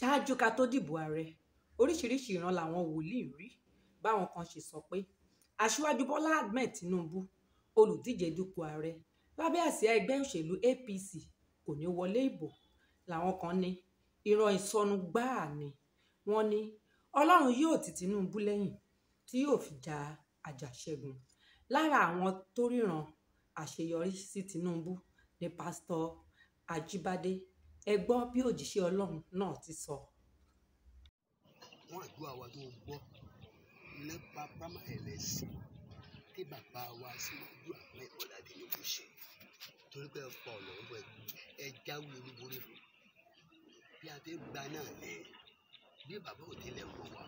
ṣáájú ká tó dìbò ààrẹ oríṣiríṣi ìran làwọn wòlíì rí báwọn kan ṣe sọ pé aṣíwájú bọ́lá ahmed tinubu olùdíje dupò ààrẹ lábẹ́ àsíá ẹgbẹ́ òṣèlú apc kò ní wọlé ìbò làwọn kan ní ìran ìsọnù gbáà ni wọ́n ní ọlọ́run yóò ti tinubu lẹ́yìn tí yóò fi ja àjàṣẹ́gun lára àwọn tó ríran àṣeyọrí sí tinubu ni pásítọ̀ ajíbádé ẹ gbọ́ bí òjíṣẹ́ ọlọ́run náà ti sọ. wọ́n àdúrà wa tó gbọ́ nípa pámá ẹlẹ́sìn tí bàbá wa síwájú àpẹ ọ̀làdínlógún ṣe torí pé ọ̀pọ̀ ọ̀nà ń bọ̀ ẹ jáwé olúborí fún bí a ti gba náà lẹ bí bàbá ò tilẹ̀ mọ̀ wá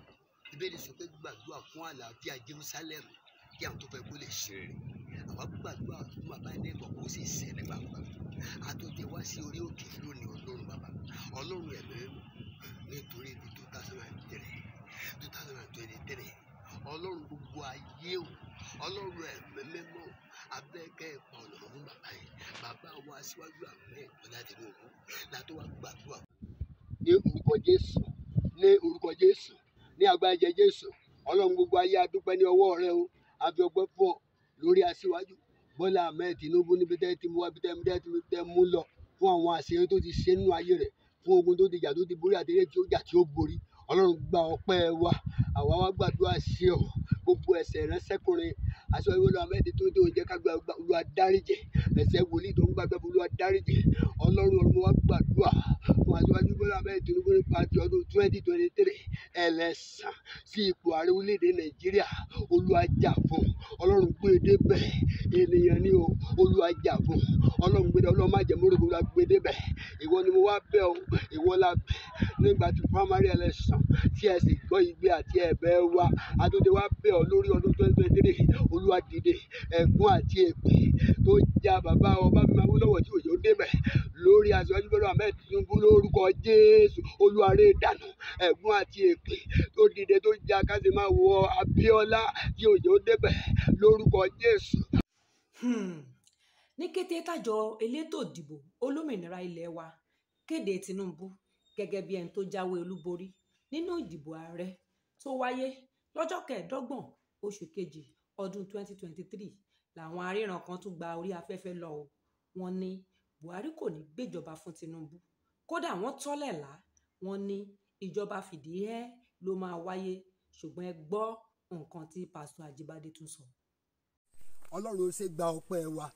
ìbéèrè sọ gbàdúrà fún àlàáfíà Jerusalem kí àwọn tó fẹ́ kó lè ṣe rẹ̀. àwa gbàdúrà bàbá ilé ìbọ̀ kó sì ṣe nígbà kan wá sí orí òkè lónìí ọlọ́run bàbá ọlọ́run ẹ̀mí nítorí ibi 2023 thousand gbogbo ayé o ọlọ́run bàbá yìí bàbá wa síwájú gbàdúrà. ní orúkọ gbogbo ayé ní rẹ o lórí aṣíwájú Bọ́lá Ahmed Tinubu níbi tẹ́ ti mú wá níbi tẹ́ mú lọ fún àwọn àṣeyọrí tó ti ṣe nínú ayé rẹ̀ fún ogun tó ti jà tó ti borí àtẹ̀lé tí ó jà tí ó borí Ọlọ́run gba ọpẹ́ wa àwa wá gbàdúrà sí ọ gbogbo ẹ̀ṣẹ̀ rẹ sẹ́kùnrin aṣọ ìwé lọ àwọn ẹni tó tó jẹ́ ká gbàgbà olúwa dáríjì ẹ̀ṣẹ̀ wòlíì tó ń gbàgbà olúwa dáríjì ọlọ́run ọ̀run wa gbàdúrà fún aṣíwájú bọ́lá ahmed tinubu nípa ti ọdún twenty twenty three ẹlẹ́sàn sí ipò ààrẹ orílẹ̀-èdè nàìjíríà olúwa jà fún ọlọ́run gbé e dé ènìyàn ni o olúwa jà fún ọlọ́run gbé e dé má jẹ́ mórúkú la gbé e ìwọ ni mo wá bẹ̀ ọ́ ìwọ la bẹ̀ nígbà tí primary election tí ẹ sì gbọ́ igbe àti ẹ̀bẹ̀ wa adóde wa bẹ̀ ọ́ lórí ọdún twenty twenty three olúwa dìde àti èpè tó já bàbá ọba mi máa wú lọ́wọ́ tí òjò débẹ̀ lórí aṣáájú bẹ́ẹ̀ ahmed tinubu lórúkọ jésù olúwarẹ̀ dànù ẹ̀gún àti èpè tó dìde tó já káṣí máa wọ abíọ́lá tí òjò débẹ̀ lórúkọ jésù. Hmm. ní kété tájọ elétò ìdìbò olómìnira ilé wa kéde tinubu gẹ́gẹ́ bí ẹni tó jáwé olúborí nínú ìdìbò ààrẹ tó wáyé lọ́jọ́ kẹẹ̀ẹ́dọ́gbọ̀n oṣù kejì ọdún 2023 làwọn aríran kan tún gba orí afẹ́fẹ́ lọ o wọ́n ní buhari kò ní gbéjọba fún tinubu kódà wọ́n tọ́lẹ̀ lá ní ìjọba fìdíhẹ́ ló máa wáyé ṣùgbọ́n ẹ gbọ́ nǹkan tí pásítọ̀ àjíbádé tún sọ. ọlọ́run ṣe gba ọpẹ́ wa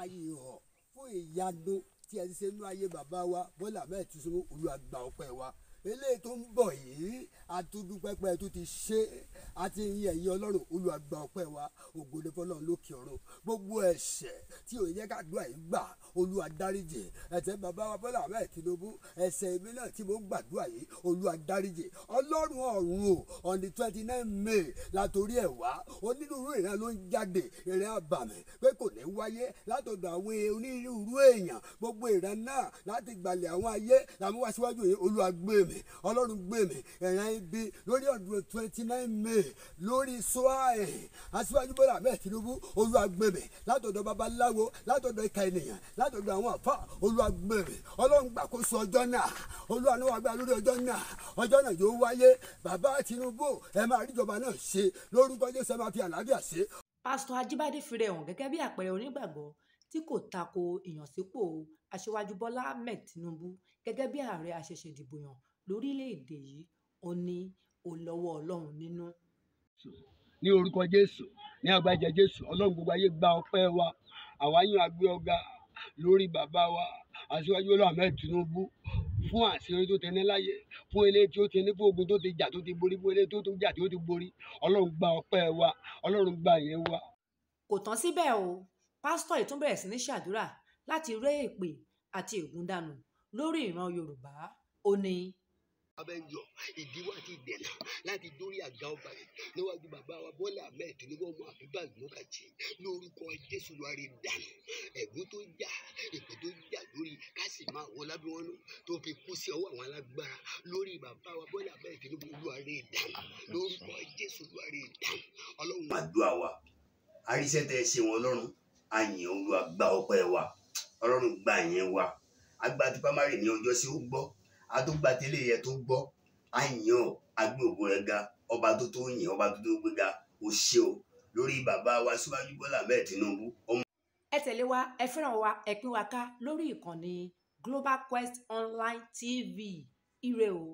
ayé ọ̀ fún ìyanu tí ẹ ti ṣe nínú ayé bàbá wa Bọ́lá Ahmed Tinubu Olúwa wa eléyìí tó ń bọ̀ yìí àtúndúpẹ́pẹ́ tó ti ṣe àti ìyìn ẹ̀yìn ọlọ́run olùwàgbà ọpẹ́ wa ògo ni fọlọ́run lókè ọ̀run gbogbo ẹ̀ṣẹ̀ tí ò yẹ kádùá yìí gbà olúwa dáríjì ẹ̀ṣẹ̀ bàbá wa Bọ́lá Ahmed Tinubu ẹ̀ṣẹ̀ èmi náà tí mo ń gbàdúrà yìí olúwa dáríjì ọlọ́run ọ̀run o on the twenty nine may látòrí ẹ̀ wá onírúurú ìran ló ń jáde ìran àbàmì pé kò ní wáyé látọ̀dọ̀ àwọn onírúurú èèyàn gbogbo ìran náà láti gbalẹ̀ àwọn ayé làwọn wá síwájú yìí olúwa gbé mi mi ọlọ́run gbé mi ẹ̀yàn ibi lórí ọdún twenty nine may lórí soae aṣíwájú bọ́lá ahmed tinubu olúwa gbé mi látọ̀dọ̀ babaláwo látọ̀dọ̀ ìka ènìyàn látọ̀dọ̀ àwọn àfa olúwa mi ọlọ́run gbàkóso ọjọ́ náà olúwa ló lórí ọjọ́ náà ọjọ́ náà yóò wáyé bàbá tinubu ẹ máa ríjọba náà ṣe lórúkọ jésù ẹ máa fi àlàáfíà ṣe. pásítọ̀ ajíbádé fi hàn gẹ́gẹ́ bí àpẹẹrẹ onígbàgbọ́ tí kò tako ìyànsípò aṣíwájú bọ́lá ahmed tinubu gẹ́gẹ́ bí ààrẹ àṣẹ̀ṣẹ̀dìbòyàn lórílẹ̀‐èdè yìí ó ní olọ́wọ́ ọlọ́run nínú. ní orúkọ jésù ní agbájá jésù ọlọ́run gbogbo ayé gba ọpẹ́ wa àwa yàn agbé ọ̀gá lórí bàbá wa aṣíwájú olú ahmed tinubu fún àṣírí tó ti ní láyé fún eléyìí tí ó ti ní fún ogun tó ti jà tó ti borí fún eléyìí tó ti jà tó ti borí ọlọ́run gba ọpẹ́ wa ọlọ́run gba ìyẹn wa. kò tán síbẹ̀ o pásítọ̀ yìí tún bẹ̀rẹ̀ sí ní ṣàdúrà láti ré èpè àti ègún dànù lórí ìran yorùbá ó ní bá ń yọ ìdíwọ́ àti ìdènà láti dórí àga ọba yìí níwájú bàbá wa Bọ́lá Ahmed Tinubu ọmọ àbíbá ìgbókàjì lórúkọ Jésù lórí dànù ẹ̀gún tó jà èpè tó jà lórí kásì máa wọ lábẹ́wọ́nú tó fi kú sí ọwọ́ àwọn alágbára lórí bàbá wa Bọ́lá Ahmed Tinubu lórí dànù lórúkọ Jésù lórí dànù ọlọ́run. àdúrà wa àríṣẹ́ tẹ́ ẹ ṣe wọn lọ́rùn àyìn olúwa gba ọpẹ́ wa ọlọ́run gba àyìn wa agbátí pamari ní ọjọ́ sí ó gbọ́ àtúgbàtélé yẹ tó gbọ́ àyàn agbé ògo rẹ̀ ga ọba tó tó yìn ọba tó tó gbé ga ṣe o lórí bàbá wa síwájú Bọ́lá bẹ́ẹ̀ Tinubu. ẹ tẹ̀lé wa ẹ fẹ́ràn wa ẹ pín wa ká lórí ìkànnì Global Quest Online TV ire o.